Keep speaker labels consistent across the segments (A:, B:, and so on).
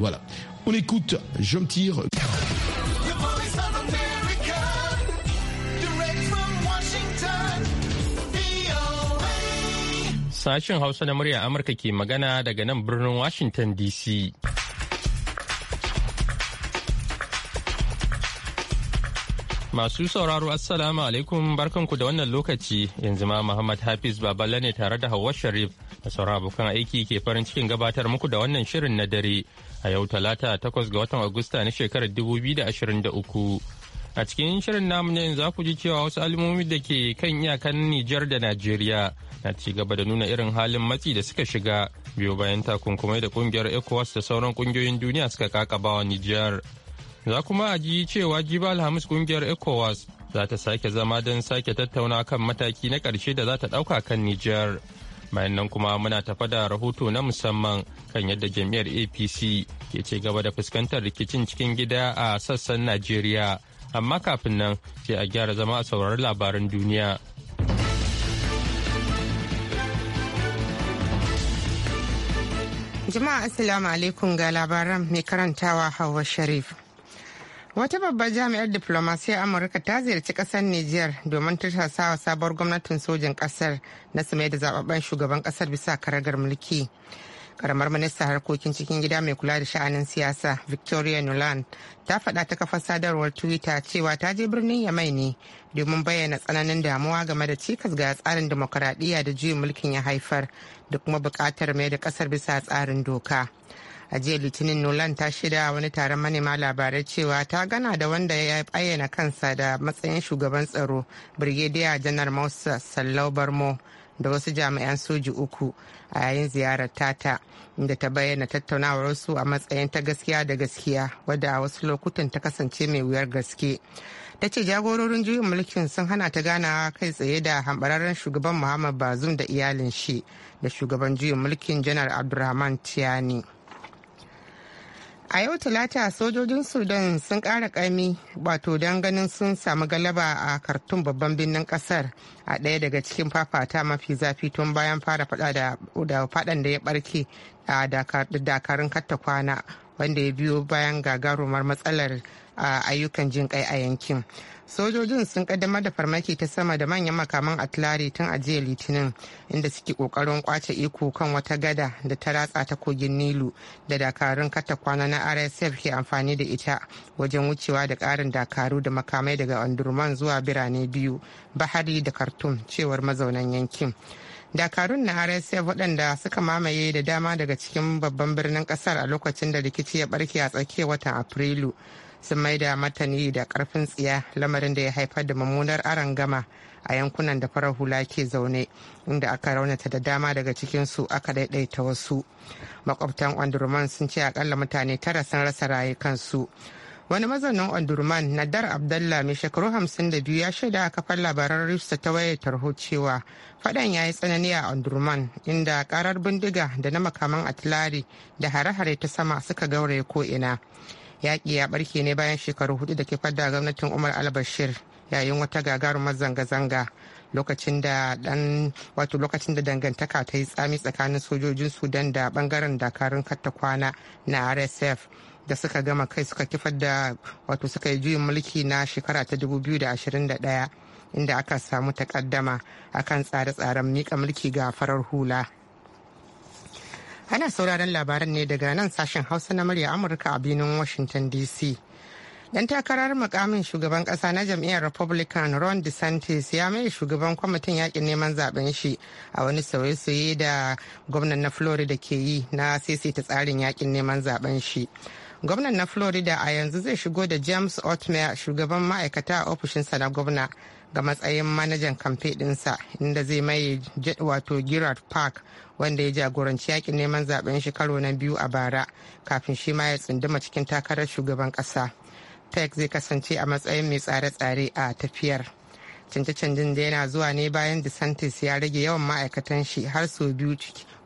A: Voilà. On écoute, je me tire.
B: Sashen Hausa na murya Amurka ke magana daga nan birnin Washington DC. Masu sauraro Assalamu alaikum barkanku da wannan lokaci yanzu ma Muhammad Hafiz baballa ne tare da Hauwa Sharif da abokan aiki ke farin cikin gabatar muku da wannan shirin na dare a yau talata takwas ga watan agusta na shekarar dubu biyu da da uku a cikin shirin namu ne za ku ji cewa wasu al'ummomi da ke kan iyakan nijar da najeriya na ci gaba da nuna irin halin matsi da suka shiga biyo bayan takunkumai da kungiyar ecowas da sauran kungiyoyin duniya suka kakaba wa nijar za kuma a ji cewa jiba alhamis kungiyar ecowas za ta sake zama don sake tattauna kan mataki na karshe da za ta ɗauka kan nijar bayan nan kuma muna tafa da rahoto na musamman kan yadda jami'ar apc ke ci gaba da fuskantar rikicin cikin gida a sassan najeriya amma kafin nan sai a gyara zama a saurari labaran duniya
C: jama'a assalamu alaikum ga labaran mai karantawa hawa sharif Wata babbar jami'ar diplomasiyar Amurka ta ziyarci kasar Nijar domin tursasawa sabuwar gwamnatin sojin kasar na su da zababben shugaban ƙasar bisa karagar mulki. Karamar minista harkokin cikin gida mai kula da sha'anin siyasa Victoria Nuland ta faɗa ta kafar sadarwar Twitter cewa ta je birnin Yamai ne domin bayyana tsananin damuwa game da cikas ga tsarin dimokuraɗiyya da juyin mulkin ya haifar da kuma buƙatar mai da ƙasar bisa tsarin doka. a jiya litinin nolan ta shida wani taron manema labarai cewa ta gana da wanda ya bayyana kansa da matsayin shugaban tsaro brigadier janar mausa sallau barmo da wasu jami'an soji uku a yayin ziyarar tata inda ta bayyana tattaunawar su a matsayin ta gaskiya da gaskiya wadda a wasu lokutan ta kasance mai wuyar gaske ta ce jagororin juyin mulkin sun hana ta ganawa kai tsaye da hambararren shugaban muhammad bazum da iyalin shi da shugaban juyin mulkin janar abdulrahman tiyani. a yau talata sojojin sudan sun kara kami wato don ganin sun samu galaba a kartun babban birnin kasar a ɗaya daga cikin fafata mafi zafi tun bayan fara fada da fadan da ya barke a dakarun katta kwana wanda ya biyo bayan gagarumar matsalar ayyukan jin kai a yankin sojojin sun kaddamar da farmaki ta sama da manyan makaman atlari tun a jiya litinin inda suke kokarin kwace iko kan wata gada da ta ratsa ta kogin nilu da dakarun katakwana na rsf ke amfani da ita wajen wucewa da karin dakaru da makamai daga andurman zuwa birane biyu bahari da khartoum cewar mazaunan yankin dakarun na rsf waɗanda suka mamaye da dama daga cikin babban birnin ƙasar a lokacin da rikici ya barke a tsakiyar watan afrilu sun maida matani da karfin tsiya lamarin da ya haifar da mummunar gama a yankunan da farar hula ke zaune inda aka raunata da dama daga cikinsu aka daidaita wasu makwabtan ondurman sun ce akalla mutane tara sun rasa rayukansu wani mazaunin ondurman nadar abdallah mai shekaru hamsin da biyu ya shaida a kafar labaran rifsa ta wayar tarho cewa fadan ya yi tsanani a ondurman inda karar bindiga da na makaman atilari da hare-hare ta sama suka gauraye ko'ina yaƙi ya barke ne bayan shekaru hudu da ke fadda gwamnatin umar albashir yayin wata gagarumar zanga-zanga lokacin da dan wato lokacin da dangantaka ta yi tsami tsakanin sojojin sudan da bangaren dakarun katta kwana na rsf da suka gama kai suka kifar da wato suka yi juyin mulki na shekara ta 2021 inda aka samu takaddama akan tsare-tsaren mika mulki ga farar hula Ana sauraron labaran ne daga nan sashen Hausa na murya Amurka a binin Washington DC. Dan takarar mukamin shugaban kasa na jam'iyyar Republican Ron DeSantis ya mai shugaban kwamitin yakin neman zaben shi a wani sauye-sauye da gwamnan na Florida ke yi na ta tsarin yakin neman zaben shi. Gwamnan na Florida a yanzu zai shigo da James Otmer shugaban ma'aikata a ofishinsa na gwamna. ga matsayin manajan kamfe ɗinsa inda zai maye wato girard Park wanda ya jagoranci yakin neman zaben shekaru na biyu a bara kafin shi ma ya tsunduma cikin takarar shugaban ƙasa. pec zai kasance a matsayin mai tsare-tsare a tafiyar. Canje-canjen da yana zuwa ne bayan DeSantis ya rage yawan ma'aikatan shi har sau biyu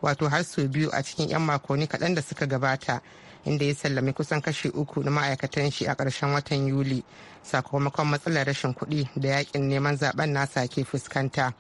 C: wato har sau biyu a cikin 'yan makonni kaɗan da suka gabata inda ya sallami kusan kashi uku na ma'aikatan shi a ƙarshen watan yuli sakamakon matsalar rashin kuɗi da yakin neman zaben nasa ke fuskanta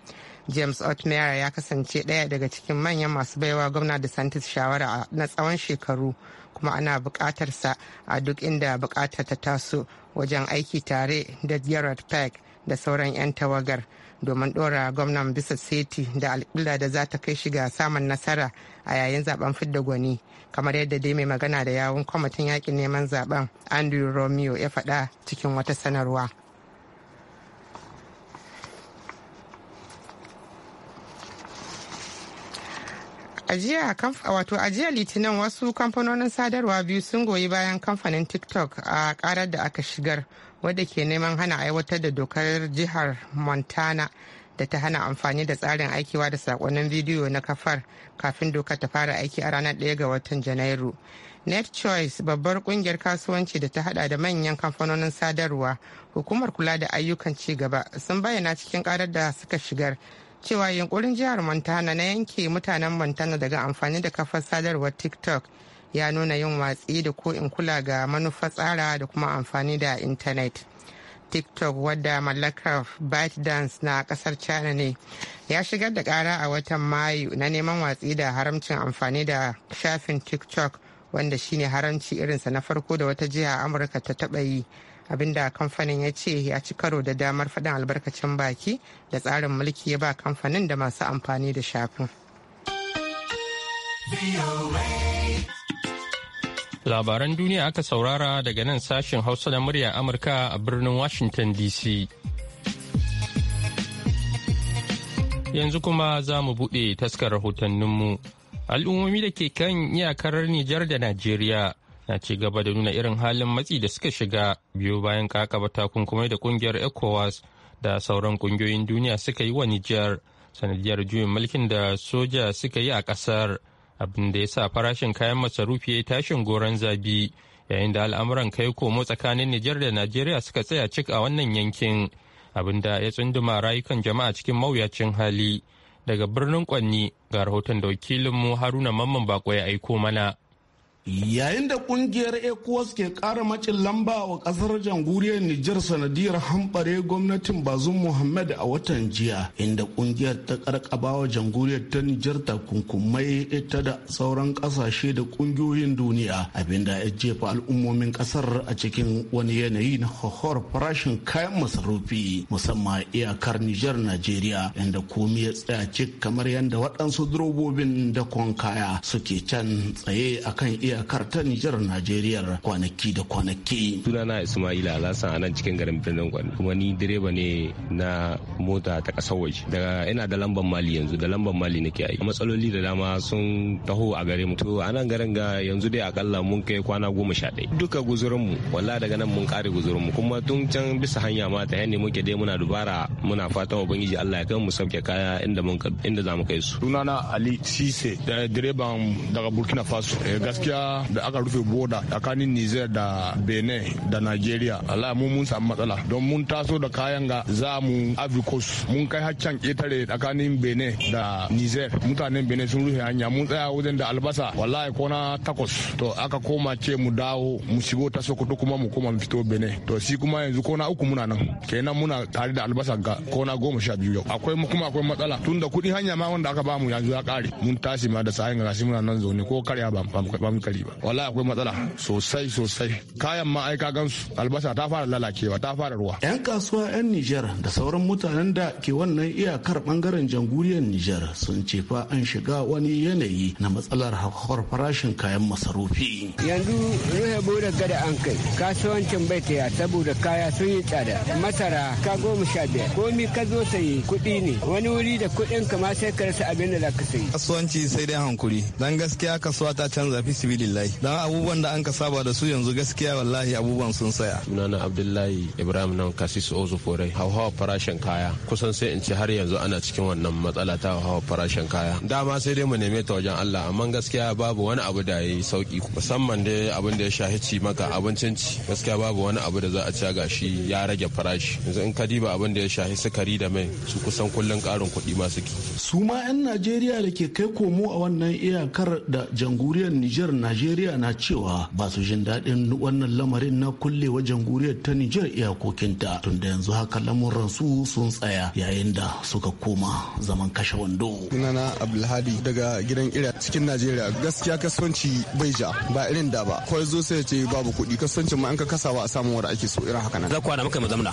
C: james otmeyer ya kasance ɗaya daga cikin manyan masu baiwa gwamna da santis shawara na tsawon shekaru kuma ana buƙatarsa a duk inda buƙatar ta taso wajen aiki tare da gerard peck da sauran 'yan tawagar domin ɗora gwamnan bisa seti da alƙila da za ta kai shi ga samun nasara a yayin zaben fidda gwani kamar yadda dai mai magana da yawun kwamitin yakin neman zaben andrew romeo ya faɗa cikin wata sanarwa a wato ajiya litinin wasu kamfanonin sadarwa biyu sun goyi bayan kamfanin tiktok a karar da aka shigar wadda ke neman hana aiwatar da dokar jihar montana da ta hana amfani da tsarin aikiwa da sakonnin bidiyo na kafar kafin doka ta fara aiki a ranar 1 ga watan janairu net choice babbar kungiyar kasuwanci da ta hada da manyan kamfanonin sadarwa hukumar kula da ayyukan ci gaba sun bayyana cikin karar da suka shigar cewa yunkurin jihar montana na yanke mutanen montana daga amfani da kafar sadarwar tiktok ya nuna yin watsi da ko in kula ga manufa tsara da kuma amfani da intanet tiktok wadda mallakar ByteDance na kasar china ne ya shigar da kara a watan mayu na neman watsi da haramcin amfani da shafin tiktok wanda shine haramci irinsa na farko da wata jiha amurka ta taba yi abinda kamfanin ya ce ya ci karo da damar faɗin albarkacin baki da tsarin mulki ya ba kamfanin da masu amfani da shafin.
B: Labaran duniya aka saurara daga nan sashen Hausa da murya Amurka a birnin Washington DC. Yanzu kuma za mu buɗe taskar rahotanninmu. Al'ummomi da ke kan iyakar Nijar da Najeriya na ci gaba da nuna irin halin matsi da suka shiga biyu bayan kakaba takunkumai da kungiyar ECOWAS da sauran kungiyoyin duniya suka yi wa Nijar sanadiyar juyin mulkin da soja suka yi a ƙasar. abin da ya sa farashin kayan masarufi ya tashin goron zabi yayin da al'amuran kai komo tsakanin Nijar da Najeriya suka tsaya cik a wannan yankin abin da ya tsunduma rayukan jama'a cikin mawuyacin hali daga birnin Kwanni ga rahoton da wakilinmu Haruna Mamman Bako ya aiko mana.
A: yayin da kungiyar ecowas ke kara macin lamba wa kasar jamhuriyar nijar sanadiyar hambare gwamnatin bazum muhammad a watan jiya inda kungiyar ta karkaba wa jamhuriyar ta nijar ta takunkumai ita da sauran kasashe da kungiyoyin duniya abinda ya jefa al'ummomin kasar a cikin wani yanayi na hohor farashin kayan masarufi musamman iyakar nijar najeriya inda komi ya tsaya cik kamar yadda waɗansu durobobin da kaya suke can tsaye akan iya iyakar ta Nijar
B: Najeriya kwanaki da kwanaki. Sunana Ismaila Alhassan a nan cikin garin birnin Gwani kuma ni direba ne na mota ta ƙasar waje. Daga ina da lamban Mali yanzu da lamban Mali nake yi. Matsaloli da dama sun taho a gare mu. To a nan garin ga yanzu dai akalla mun kai
D: kwana goma sha ɗaya. Duka mu wallahi daga nan mun kare mu kuma tun can bisa hanya ma ta yanne muke dai muna dubara muna fatan ubangiji Allah ya kai mu sauke kaya inda mun inda za mu kai su. Sunana Ali Sise direban daga Burkina Faso. Eh, gaskiya kaga da aka rufe boda tsakanin Niger da Benin da Nigeria Allah mu mun samu matsala don mun taso da kayan ga za mu Africos mun kai haccan ketare tsakanin Benin da Niger mutanen Benin sun rufe hanya mun tsaya wajen da albasa wallahi kona takwas to aka koma ce mu dawo mu shigo ta Sokoto kuma mu koma mu fito Benin to shi kuma yanzu kona uku muna nan kenan muna tare da albasa ga kona goma sha biyu yau akwai kuma akwai matsala tun da kuɗin hanya ma wanda aka bamu yanzu ya kare mun tashi ma da sa'in ga muna nan zaune ko karya ba mu gari ba wallahi akwai matsala sosai sosai kayan ma ai ka gansu albasa ta fara lalacewa ta fara ruwa yan kasuwa
A: yan Nijar da sauran mutanen da ke wannan iyakar bangaren jamhuriyar Nijar sun ce fa an shiga wani yanayi na matsalar hauhawar farashin kayan masarufi yanzu rufe bude gada an kai kasuwancin bai taya saboda kaya sun yi tsada masara ka goma sha biyar komi ka zo sayi kuɗi ne wani wuri da kuɗin kama sai ka rasa abin da za ka sayi kasuwanci sai dai hankuri dan gaskiya kasuwa ta canza fi alhamdulillah
D: dan abubuwan da an ka saba da su yanzu gaskiya wallahi abubuwan sun saya sunana abdullahi ibrahim nan kasis ozufore hauhawa farashin kaya kusan sai in ce har yanzu ana cikin wannan matsala ta hauhawa farashin kaya dama sai dai mu neme ta wajen allah amma gaskiya babu wani abu da ya yi sauki musamman dai abin da ya shahi ci maka abincin ci gaskiya babu wani abu da za a ci gashi ya rage farashi yanzu in ka diba abin da ya shahi sukari da mai su kusan kullun karin kuɗi masu ki
A: su ma 'yan najeriya da ke kai komo a wannan iyakar da janguriyar niger na Najeriya na cewa ba su jin daɗin wannan lamarin na kulle wajen guriyar ta Nijar iyakokinta tunda yanzu haka lamuran su sun tsaya yayin da suka koma zaman kashe wando.
E: Sunana
D: Abdulhadi daga gidan Ira cikin Najeriya gaskiya kasuwanci bai ja ba irin da ba. Kawai zo sai ce babu kuɗi kasuwancin ma an ka kasawa a samun wara ake so irin haka nan. Zakwana muka mu zamna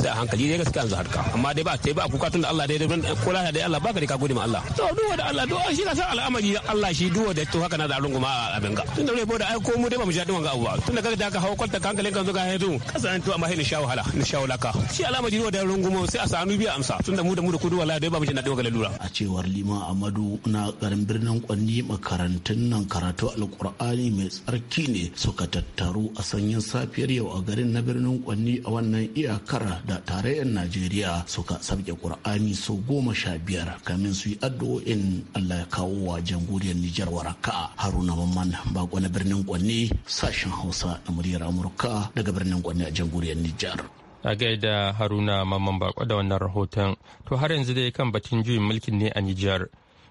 A: sai a hankali dai gaskiya yanzu harka amma dai ba ta ba kuka tun da Allah dai ko lafiya dai Allah ka da ka gode ma Allah. To
F: duwa da Allah duwa shi na
A: san al'amari Allah shi duwa da to haka na da runguma abin ga tun da rai ai ko mu dai ba mu ji daɗin wanga abu ba tun da kaga da ka hawo kwalta kankalin kan zuga yanzu kasan to amma sai sha wahala ni sha ka shi alama jiro da rungumo sai a sanu biya amsa Tunda mu da mu da kudu wallahi dai ba mu ji daɗin wanga lura a cewar liman amadu na garin birnin kwanni makarantun nan karatu alqur'ani mai tsarki ne suka tattaru a sanyin safiyar yau a garin na birnin kwanni a wannan iyakar da tarayyar najeriya suka sabke kur'ani so goma sha biyar kamin su yi addu'o'in allah ya kawo wa jamhuriyar nijar waraka haruna Mamman Bako na birnin Kwanne sashen Hausa na muryar Amurka daga birnin Kwanne a jamhuriyar Nijar.
B: a gaida haruna mamman bako da wannan rahoton to har yanzu dai kan batun juyin mulkin ne a Nijar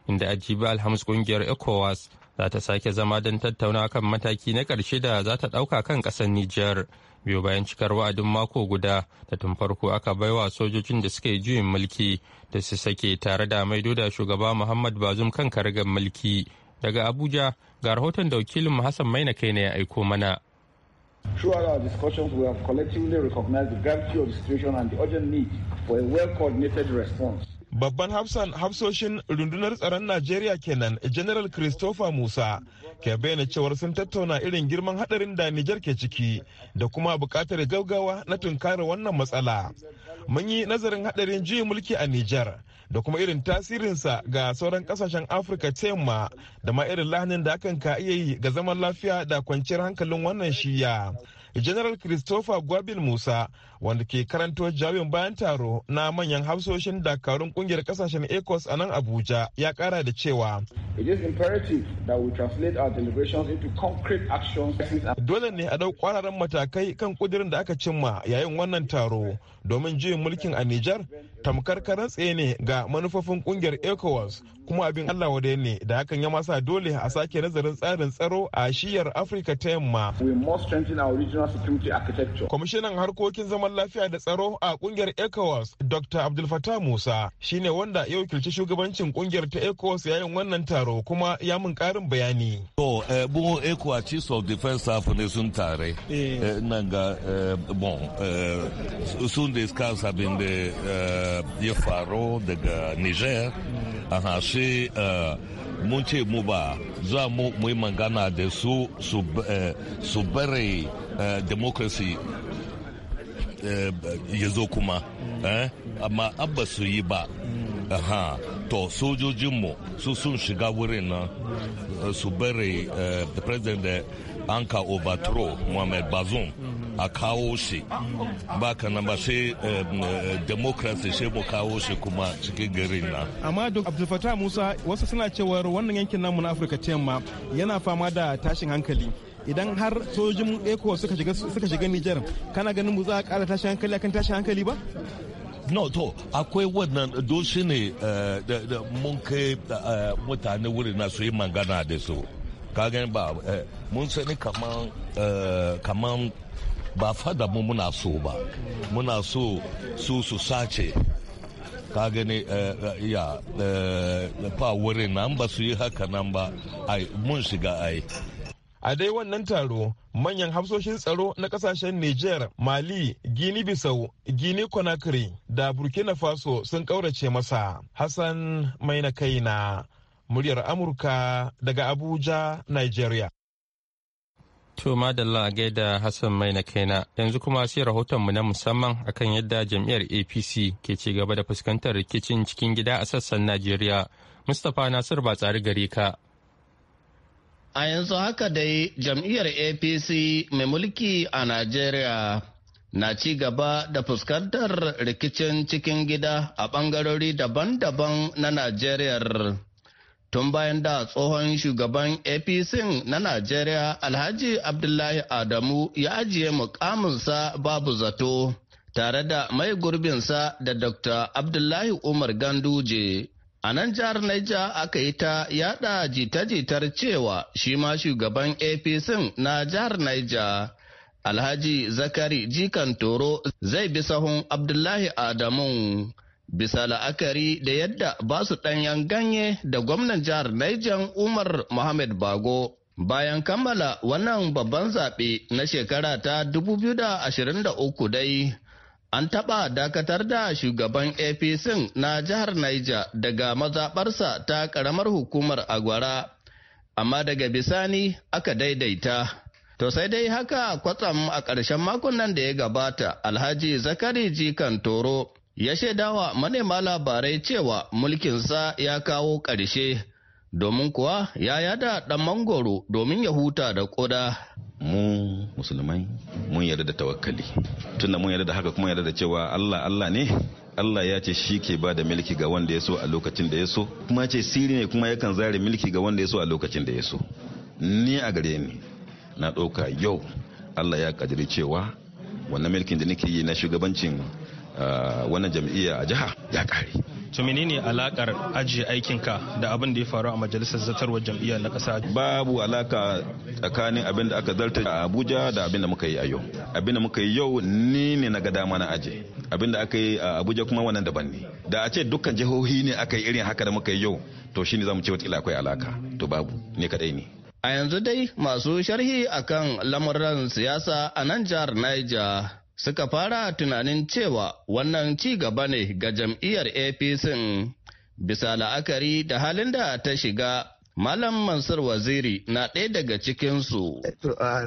B: inda ajiba alhamis kungiyar ecowas za ta sake zama don tattauna kan mataki na karshe da za ta ɗauka kan ƙasar Nijar biyu bayan cikar wa'adin mako guda da tun farko aka baiwa sojojin da suka yi juyin mulki da su sake tare da maido da shugaba Muhammad Bazum kan karagar mulki daga Abuja ga rahoton da wakilin Hassan Maina kai ne ya aiko mana.
D: Throughout our discussions, we have collectively recognized the gravity of the situation and the urgent need for a well-coordinated response. Babban hafsan hafsoshin rundunar tsaron Najeriya kenan General Christopher Musa ke bayyana cewar sun tattauna irin girman hadarin da Nijar ke ciki da kuma bukatar gaugawa na tunkarar wannan matsala. Mun yi nazarin hadarin juyin mulki a Nijar da kuma irin tasirinsa ga sauran kasashen afirka ta yamma da ma irin lahanin da hakan ka iya yi ga zaman lafiya da kwanciyar hankalin wannan shiya general christopher gwabin musa wanda ke karanto jawabin bayan taro na manyan hafsoshin dakarun kungiyar kasashen ecos a nan abuja ya kara da cewa dole ne a dau kwararan matakai kan kudirin da aka cimma yayin wannan taro domin juyin mulkin a nijar tamkar karan tsaye ne ga manufofin kungiyar ecowas kuma abin allah wadai ne da hakan ya masa dole a sake nazarin tsarin tsaro a shiyar afirka ta yamma kwamishinan harkokin zaman lafiya da tsaro a kungiyar ECOWAS Dr. Abdul Fattah Musa shine wanda ya wakilci shugabancin kungiyar ta ECOWAS yayin wannan taro kuma ya mun karin bayani.
E: To, bu eh, ECOWAS Chiefs of Defense Staff ne sun tare. Eh. Eh, nan ga bon sun discuss abin da ya faro daga Niger. Aha, shi mun ce mu ba za mu yi magana da su su bari democracy Eh, ya zo kuma eh, amma abba su yi ba aha to sojojinmu su sun shiga wurin nan eh, su bari president an ka overthrow muhammad bazoum a kawo shi ba ka na ba sai democracy shi mu kawo shi kuma cikin garin na.
D: amma duk abdulfatah musa wasu suna cewar wannan yankin namu na afirka ta yamma yana fama da tashin hankali idan har sojin eko suka shiga suka shiga Nijar kana ganin mu za a kara tashi hankali akan tashi hankali ba
E: no to akwai wannan doshi ne eh, da mun kai eh, mutane wuri na su yi magana da su kagan ba eh, mun sani kaman ba fada mu muna so ba muna so su su sace ka gani ya fa wurin nan ba su yi haka nan ba ai mun shiga ai a dai wannan taro
D: manyan hafsoshin tsaro na kasashen niger mali gini bisau gini conakry da burkina faso sun kaurace masa hassan mai na kaina muryar amurka daga abuja nigeria
B: To madalla a gaida Hassan mai na kaina yanzu kuma sai rahotonmu na musamman akan yadda jam'iyyar APC ke ci gaba da fuskantar rikicin cikin gida a sassan Najeriya. Mustapha Nasir ba tsari gare ka.
G: A yanzu haka dai jam'iyyar APC mai mulki a Najeriya na ci gaba da fuskantar rikicin cikin gida a ɓangarori daban-daban na Najeriya. Tun bayan da tsohon shugaban APC na Najeriya Alhaji Abdullahi Adamu ya ajiye mukaminsa babu zato. tare da mai gurbinsa da Dr. Abdullahi Umar Ganduje A nan jihar Niger aka yi ta yada jita-jitar cewa shi ma shugaban APC na jihar Niger Alhaji Zakari Jikan Toro zai bi sahun Abdullahi Adamu bisa la'akari da yadda ba su ɗanyen ganye da gwamnan jihar Niger Umar Muhammad Bago. Bayan kammala wannan babban zaɓe na shekara ta 2023 dai An taɓa dakatar da shugaban APC na jihar Niger daga mazaɓarsa ta ƙaramar hukumar Agwara, amma daga bisani aka daidaita. To sai dai haka kwatsam a ƙarshen makon nan da ya gabata Alhaji Zakari Jikan Toro ya shaidawa manema labarai cewa mulkinsa ya kawo ƙarshe domin kuwa ya yada ɗan mangoro domin ya huta da ƙoda.
D: Mu musulmai mun yarda da tawakkali tunda mun yarda da haka kuma yarda da cewa Allah Allah ne Allah ya ce shi ke ba da milki ga wanda ya so a lokacin da ya so kuma ce siri ne kuma yakan zare milki ga wanda ya so a lokacin da ya so ni a gare ni na ɗauka yau Allah ya kadiri cewa wannan milkin da nake yi na shugabancin Eh, wannan jam'iyya a jiha ya kare to menene alakar ajiye aikinka da abin da ya faru a majalisar zartarwar jam'iyyar na kasa babu alaka tsakanin abin da aka zarta a abuja da abin da muka yi a yau abin da muka yi yau ni ne na ga dama na aje abin da aka yi a abuja kuma wannan daban ne da a ce dukkan jihohi ne aka yi irin haka da muka yi yau to shine zamu ce wata akwai alaka to babu ne kadai ne
G: a yanzu dai masu sharhi akan lamuran siyasa a nan jihar niger suka fara tunanin cewa wannan ci gaba ne ga jam'iyyar APC bisa la'akari da halin da ta shiga Malam Mansur Waziri na ɗaya daga cikinsu. Eh,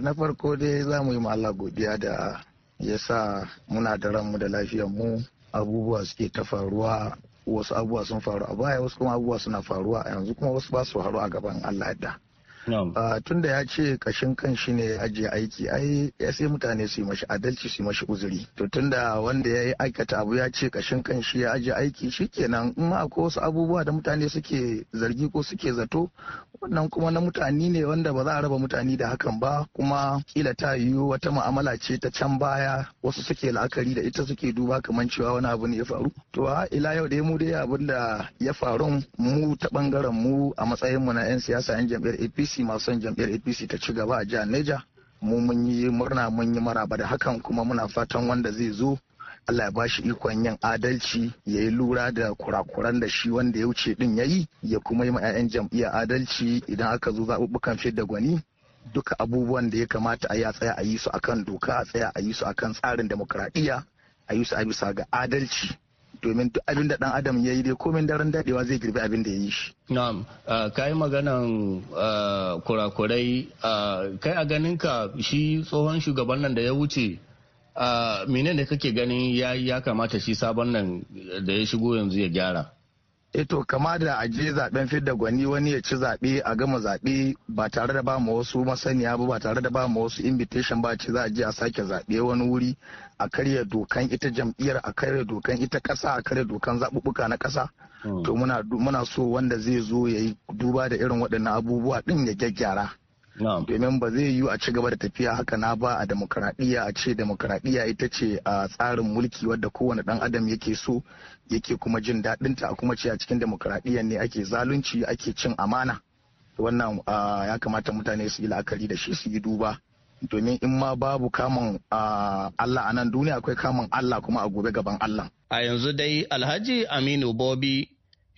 G: na
H: farko dai za mu yi Allah godiya da ya sa muna da ranmu da mu abubuwa suke ta faruwa wasu abubuwa sun faru a baya wasu kuma abubuwa suna faruwa a yanzu kuma wasu ba su faru a gaban Allah yadda. Ah, tunda ya ce kashin kan shi ne ya ajiye aiki ai ya sai mutane su yi mashi adalci su yi mashi uzuri to tunda wanda ya yi aikata abu ya ce kashin kan shi ya ajiye aiki shi shikenan in ma akwai wasu abubuwa da mutane suke zargi ko suke zato wannan kuma na mutane ne wanda ba za a raba mutane da hakan ba kuma kila ta yiwu wata mu'amala ce ta can baya wasu suke la'akari da ita suke duba kamar cewa wani abu ne ya faru to a ila yau dai mu dai abin da ya faru mu ta bangaren mu a matsayin mu na 'yan siyasa 'yan jam'iyyar apc masu son jam'iyyar apc ta ci gaba a jihar neja mu mun yi murna mun yi maraba da hakan kuma muna fatan wanda zai zo Allah ya bashi ikon yin adalci ya yi lura da kurakuran da shi wanda ya wuce din ya yi ya kuma yi ma 'ya'yan jam'iyya adalci idan aka zo zaɓuɓɓukan da gwani duka abubuwan da ya kamata a yi a tsaya a yi su akan doka a tsaya a yi su akan tsarin demokradiyya a yi su a bisa ga adalci domin duk abin da dan adam ya yi dai komin daren dadewa zai girbi abin da ya yi shi.
G: Na'am, ka yi maganan kurakurai, kai a ganinka shi tsohon shugaban nan da ya wuce menene kake ganin ya ya kamata shi sabon nan da ya shigo yanzu ya gyara
H: eto eh kama da a je zaben fidda gwani wani ya ci zaɓe a gama zaɓe ba tare da ba ma wasu masaniya ba ba tare da ba ma wasu invitation ba ce za a je a sake zaɓe wani wuri a karya dokan ita jam'iyyar a karya dokan ita ƙasa a karya dokan zaɓuɓɓuka na ƙasa hmm. to muna so wanda zai zo ya yi duba da irin waɗannan abubuwa ɗin ya gyaggyara domin ba zai yiwu a ci gaba da tafiya haka na ba a demokradiyya a ce demokradiyya ita ce a tsarin mulki wadda kowane dan adam yake so yake kuma jin daɗinta a kuma ce a cikin demokradiyya ne ake zalunci ake cin amana wannan ya kamata mutane su yi la'akari da shi su yi duba domin in ma babu kamun Allah a nan duniya akwai kamun Allah kuma a gobe gaban Allah.
G: A yanzu dai Alhaji Aminu Bobi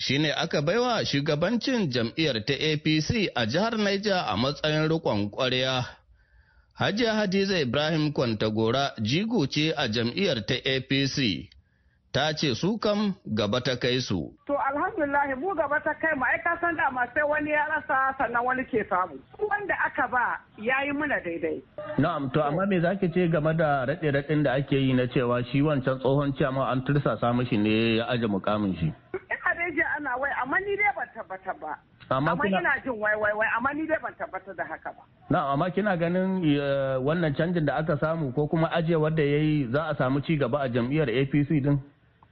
G: shine aka baiwa shugabancin jam'iyyar ta APC a jihar Niger a matsayin rikon ƙwarya. Hajiya Hadiza Ibrahim Kwantagora jigo ce a jam'iyyar ta APC. ta ce su kam gaba ta kai su.
A: To alhamdulillah mu gaba ta kai mu ai ka san dama sai wani ya rasa sannan wani ke samu. Wanda aka ba ya yi muna daidai.
G: Na'am to amma me zaki ce game da raɗe-raɗin da ake yi na cewa shi wancan tsohon ciyama an tursasa mishi ne ya aje mukamin shi.
A: ana wai amma ni dai ban tabbata ba
G: amma ina
A: jin wai wai wai amma ni dai ban tabbata da haka ba
G: na amma kina ganin eh, wannan canjin da aka samu ko kuma ajewar da yayi za a samu ci gaba a jam'iyyar APC din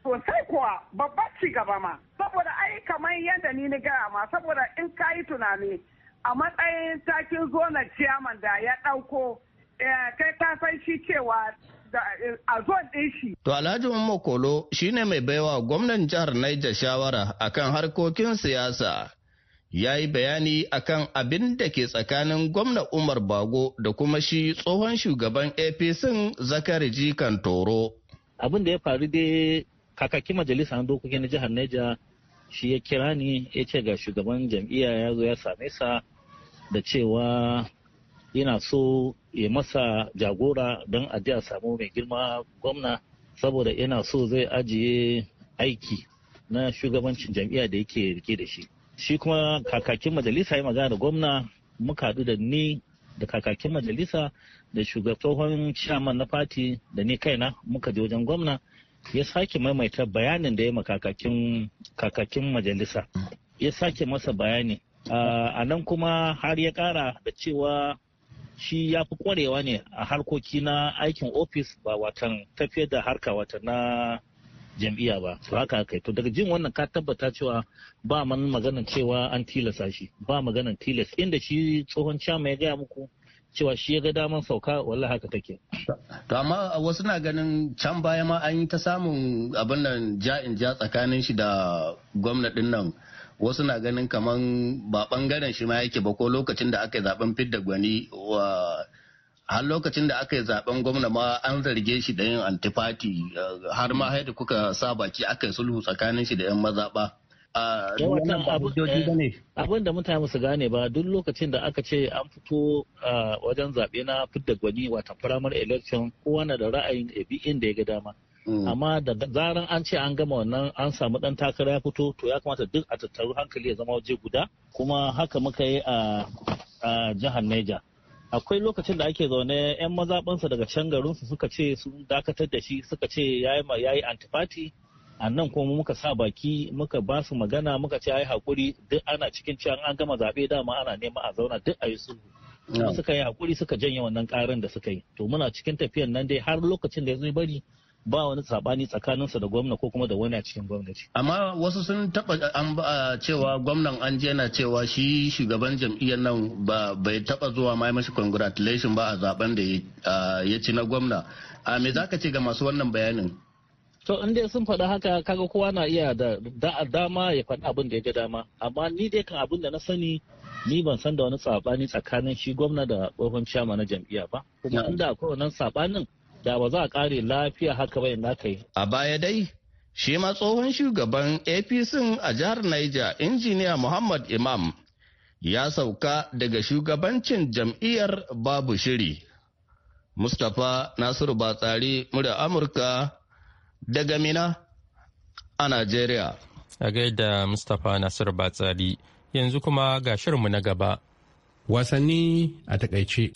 C: sosai kuwa babban ci gaba ma saboda ai kamar yadda ni ni gaya ma
A: saboda in ka tunani a matsayin takin na ciyaman da ya dauko eh, kai ta san shi cewa a zon ɗin
G: To Alhaji Mamma Kolo ne mai baiwa gwamnan jihar Niger shawara akan harkokin siyasa. Ya yi bayani akan abin da ke tsakanin gwamna Umar Bago da kuma shi
F: tsohon shugaban APC Zakari Jikan Toro. Abin da ya faru dai Kakaki majalisa dokoki na jihar Niger shi ya kira ni ya ce ga shugaban jam'iyya ya zo ya same sa da cewa yana so ya masa jagora don a a samu mai girma gwamna saboda yana so zai ajiye aiki na shugabancin jam'iyya da yake rike da shi shi kuma kakakin majalisa ya magana da gwamna muka haɗu da ni da kakakin majalisa da shugaban shaman na fati da ni kaina muka je wajen gwamna ya sake maimaita bayanin da ya ma kakakin majalisa ya sake masa bayani ah, a nan kuma har ya kara da cewa shi ya fi kwarewa ne a harkoki na aikin ofis ba watan tafiye da harka wata na jam'iyya ba to haka aka yi to daga jin wannan ka tabbata cewa ba man maganan cewa an tilasa shi ba maganan tilas inda shi tsohon chama ya gaya muku cewa shi ya ga daman sauka walla haka take
G: to amma wasu na ganin can baya ma an yi ta samun abin nan ja'in ja tsakanin shi da gwamnatin nan wasu na ganin kaman ba bangaren shi ma yake ba ko lokacin da aka yi zaben fidda gwani wa har lokacin da aka yi zaben gwamna ma an zarge shi da yin antifati eh, har ma haida kuka sa baki aka yi sulhu tsakanin shi da yan mazaɓa. Eh,
F: abin da mutane su gane ba duk lokacin da aka ce an fito wajen zaɓe na fidda gwani wata firamare election kowa na da ra'ayin abin da ya ga dama Mm. amma da zaran an ce an gama wannan an samu dan takara ya fito to ya kamata duk a tattaru hankali ya zama waje guda kuma haka muka yi a jihar Neja. akwai lokacin da ake zaune 'yan mazaɓansa daga can garinsu suka ce sun dakatar da shi suka ce ya yi antifati a nan kuma muka sa baki muka ba su magana muka ce ya yi haƙuri duk ana cikin can an gama zaɓe dama ana nema a zauna duk a yi su suka yi haƙuri suka janye wannan ƙarin da suka yi to muna cikin tafiyan nan dai har lokacin da ya zai bari ba wani sabani tsakaninsa da gwamna ko kuma da wani a cikin gwamnati.
G: Amma wasu sun taba an ah, cewa gwamnan an je na cewa shi shugaban jam'iyyar nan ba bai taɓa zuwa mai mashi congratulation ba a zaben da ah, ya ci na gwamna. A ah, me za ka ce ga masu wannan bayanin?
F: To in dai sun faɗa haka kaga kowa na iya da dama ya faɗi abin da ya ga dama. Amma ni dai kan abin da na sani ni ban san da wani sabani tsakanin shi gwamna da tsohon shama na jam'iyya ba. Kuma inda akwai wannan sabanin da ba za a kare lafiya haka ba na kai. A baya dai,
G: shi ma tsohon shugaban APC a jihar Niger, injiniya Muhammad Imam, ya sauka daga shugabancin jam'iyyar babu shiri. Mustapha Nasiru Batsari, murya Amurka, daga Mina
B: a Najeriya. A gaida Mustapha Nasiru Batsari, yanzu kuma ga shirinmu na gaba. Wasanni a takaice.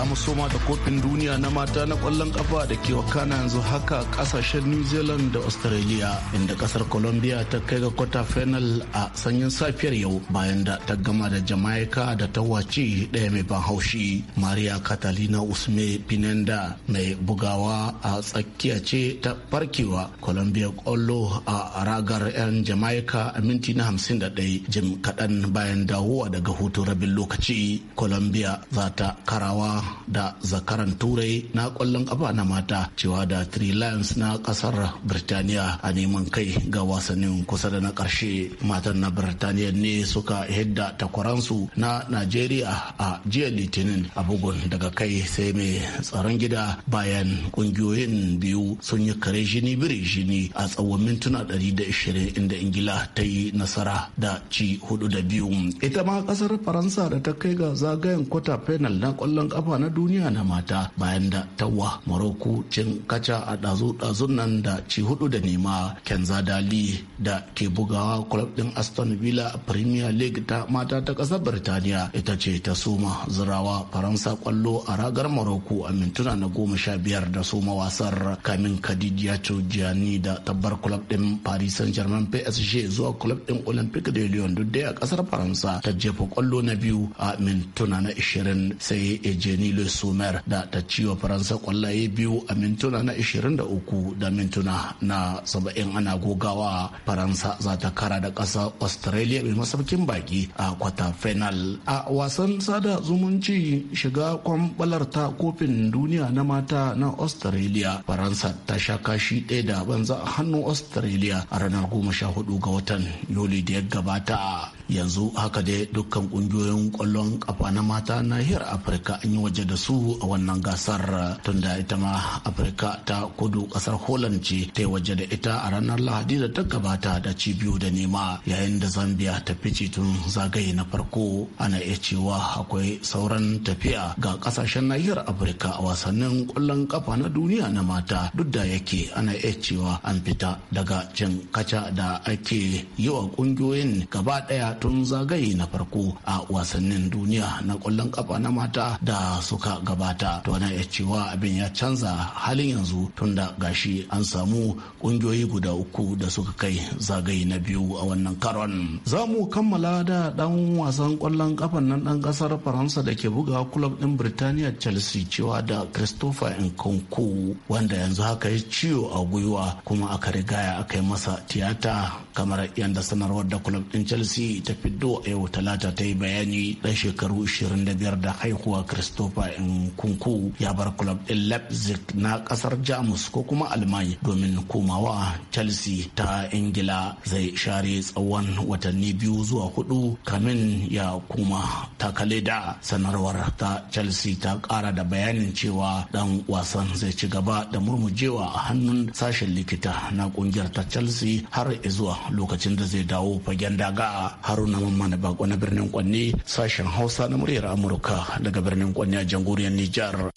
B: za mu soma da kofin
A: duniya na mata na kwallon kafa da ke wakana yanzu haka kasashen new zealand da australia inda kasar colombia ta kai ga kwata final a sanyin safiyar yau bayan da ta gama da jamaica da ta wace daya mai ban haushi maria catalina usme pinenda mai bugawa a tsakiya ce ta farkewa colombia kwallo a ragar 'yan jamaica a minti na 51 jim kadan bayan dawowa daga hutu rabin lokaci colombia za ta karawa da zakaran turai na kwallon kafa na mata cewa da three lions na kasar birtaniya a neman kai ga wasannin kusa da na karshe matan na birtaniya ne suka hidda takwaransu na najeriya a jiya litinin a bugun daga kai sai mai tsaron gida bayan kungiyoyin biyu sun yi kare jini biri jini a tsawon mintuna 120 inda ingila ta yi nasara da ci hudu da biyu ita ma kasar faransa da ta kai ga zagayen kwata penal na kwallon kafa kafa na duniya na mata bayan da tawa maroko cin kaca a ɗazu-ɗazun nan da ci hudu da nema kenza dali da ke bugawa club din aston villa a premier league ta mata ta ƙasar birtaniya ita ce ta soma zirawa faransa kwallo a ragar maroko a mintuna na goma sha biyar da suma wasar kamin kadidiya Gianni da tabbar club din paris saint germain psg zuwa club din olympic de lyon duk dai a kasar faransa ta jefa kwallo na biyu a mintuna na 20 sai ejen Danilo Sumer da ta ciwa Faransa kwallaye biyu a mintuna na 23 da mintuna na 70 ana gogawa Faransa za ta kara da ƙasa Australia mai masaukin baki a kwata final. A wasan sada zumunci shiga kwambalar ta kofin duniya na mata na Australia Faransa ta sha kashi ɗaya da banza a hannun Australia a ranar 14 ga watan Yuli da ya gabata. yanzu haka dai dukkan kungiyoyin kwallon kafa na mata nahiyar afirka an yi waje da su a wannan gasar tunda ita ma afirka ta kudu kasar holland ce ta waje da ita a ranar lahadi da ta gabata da cibiyu da nema yayin da zambia ta fice tun zagaye na farko ana iya cewa akwai sauran tafiya ga kasashen nahiyar afirka a wasannin kwallon kafa na duniya na mata duk da yake ana iya cewa an fita daga cin kaca da ake yi wa kungiyoyin gaba daya tun zagaye na farko a wasannin duniya na kwallon kafa na mata da suka gabata to ya ya cewa abin ya canza halin yanzu tun da gashi an samu kungiyoyi guda uku da suka kai zagaye na biyu a wannan karon za mu kammala da dan wasan kwallon kafan na dan kasar faransa da ke buga kulob din birtaniya chelsea cewa da christopher nkunku wanda yanzu haka ya ciwo a gwiwa kuma aka rigaya aka yi masa tiyata kamar yadda sanarwar da kulob din chelsea ta fiddo a yau talata ta yi bayani ɗan shekaru 25 da haihuwa christopher nkunku ya bar club ɗin leipzig na ƙasar jamus ko kuma almanya domin komawa chelsea ta ingila zai share tsawon watanni biyu zuwa hudu kamin ya kuma takale da sanarwar ta chelsea ta ƙara da bayanin cewa ɗan wasan zai ci gaba da murmujewa a hannun sashen likita na ƙungiyar ta chelsea har zuwa lokacin da zai dawo fagen daga haruna mamman bako na birnin kwanne sashen hausa na muryar amurka daga birnin kwanne a jamhuriyar nijar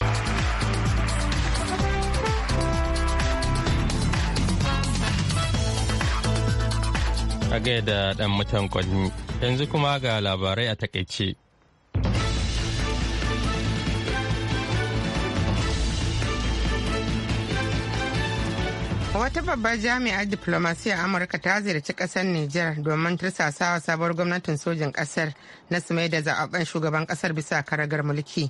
B: a gaida dan mutan kwanni yanzu kuma ga labarai
C: a takaice Wata babbar jami'ar diplomasiyyar Amurka ta ziyarci kasar Nijar domin tursasawa sabuwar gwamnatin sojin kasar na su mai da zaɓen shugaban kasar bisa karagar mulki.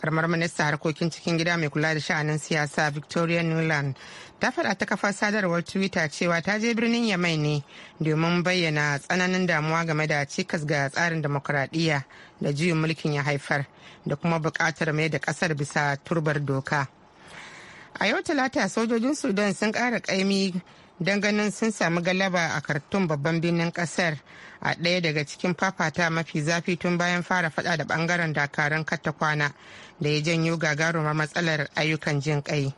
C: Karamar minista harkokin cikin gida mai kula da sha'anin siyasa Victoria newland ta faɗa ta kafar sadarwar Twitter cewa ta je birnin Yamai ne domin bayyana tsananin damuwa game da cikas ga tsarin demokuraɗiyya da juyin mulkin ya haifar da kuma buƙatar mai da ƙasar bisa turbar doka. a yau talata sojojin sudan sun kara ƙaimi don ganin sun samu galaba a kartun babban birnin kasar a ɗaya daga cikin fafata mafi zafi tun bayan fara fada da bangaren dakarun katakwana da ya janyo gagarumar matsalar ayyukan jin kai.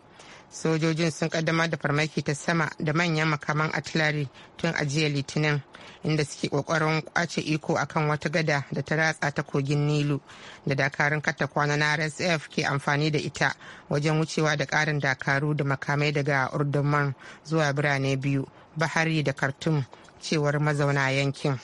C: sojojin sun kaddamar da farmaki ta sama da manyan makaman atilari tun ajiya litinin inda suke kokarin kwace iko akan wata gada da ta ratsa ta kogin nilu da dakarun katakwana na rsf ke amfani da ita wajen wucewa da karin dakaru da makamai daga urduman zuwa birane biyu bahari da khartoum cewar mazauna yankin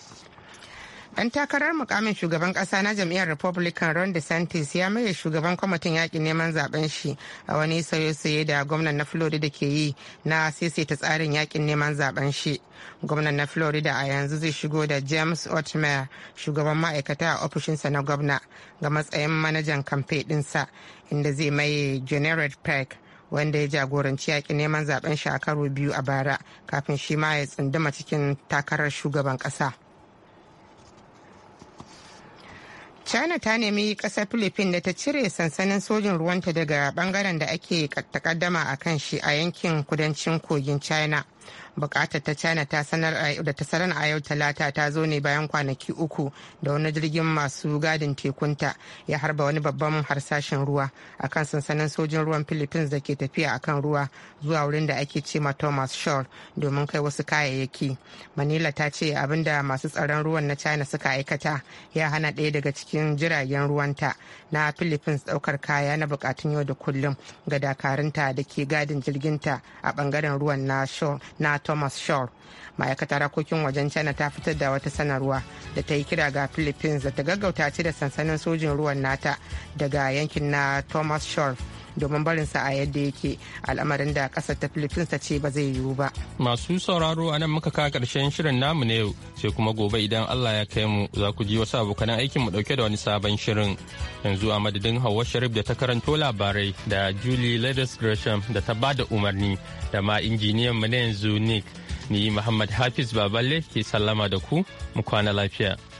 C: Ɗan takarar mukamin shugaban kasa na jam'iyyar Republican Ron DeSantis ya maye shugaban kwamitin yakin neman zaben shi a wani sayo-saye da gwamnan na Florida ke yi na saisaita tsarin yakin neman zaben shi. Gwamnan na Florida a yanzu zai shigo da James Otmer shugaban ma'aikata a ofishinsa na gwamna ga matsayin manajan kamfe ɗinsa inda zai maye Generate Park wanda ya jagoranci yakin neman zaben shi a karo biyu a bara kafin shi ma ya tsunduma cikin takarar shugaban ƙasa. china ta nemi kasar philippines da ta cire sansanin sojin ruwanta daga bangaren da ake takaddama a kan shi a yankin kudancin kogin china bukatar ta china ta sanar da ta sanar a yau talata ta zo ne bayan kwanaki uku da wani jirgin masu gadin tekunta ya harba wani babban harsashen ruwa akan sansanin sojin ruwan philippines da ke tafiya a kan ruwa zuwa wurin da ake ce ma thomas shaw domin kai wasu kayayyaki manila ta ce abinda masu tsaron ruwan na china suka aikata ya hana ɗaya daga cikin jiragen ruwanta na philippines ɗaukar kaya na bukatun yau da kullum ga dakarunta da ke gadin jirginta a bangaren ruwan na shore na thomas shore ma'aikatar harkokin wajen china ta fitar da wata sanarwa da ta yi kira ga philippines da ta gaggauta ci da sansanin sojin ruwan nata daga yankin na thomas shore domin barin sa a yadda yake al'amarin da kasar ta philippines ta ce ba zai yiwu ba
B: masu sauraro a nan muka kawo karshen shirin namu ne yau sai kuma gobe idan allah ya kai mu za ku ji wasu abokan aikin mu dauke da wani sabon shirin yanzu a madadin hawa sharif da ta karanto labarai da julie ladis gresham da ta bada umarni da ma injiniyan mu na yanzu nick ni muhammad hafiz baballe ke sallama da ku mu kwana lafiya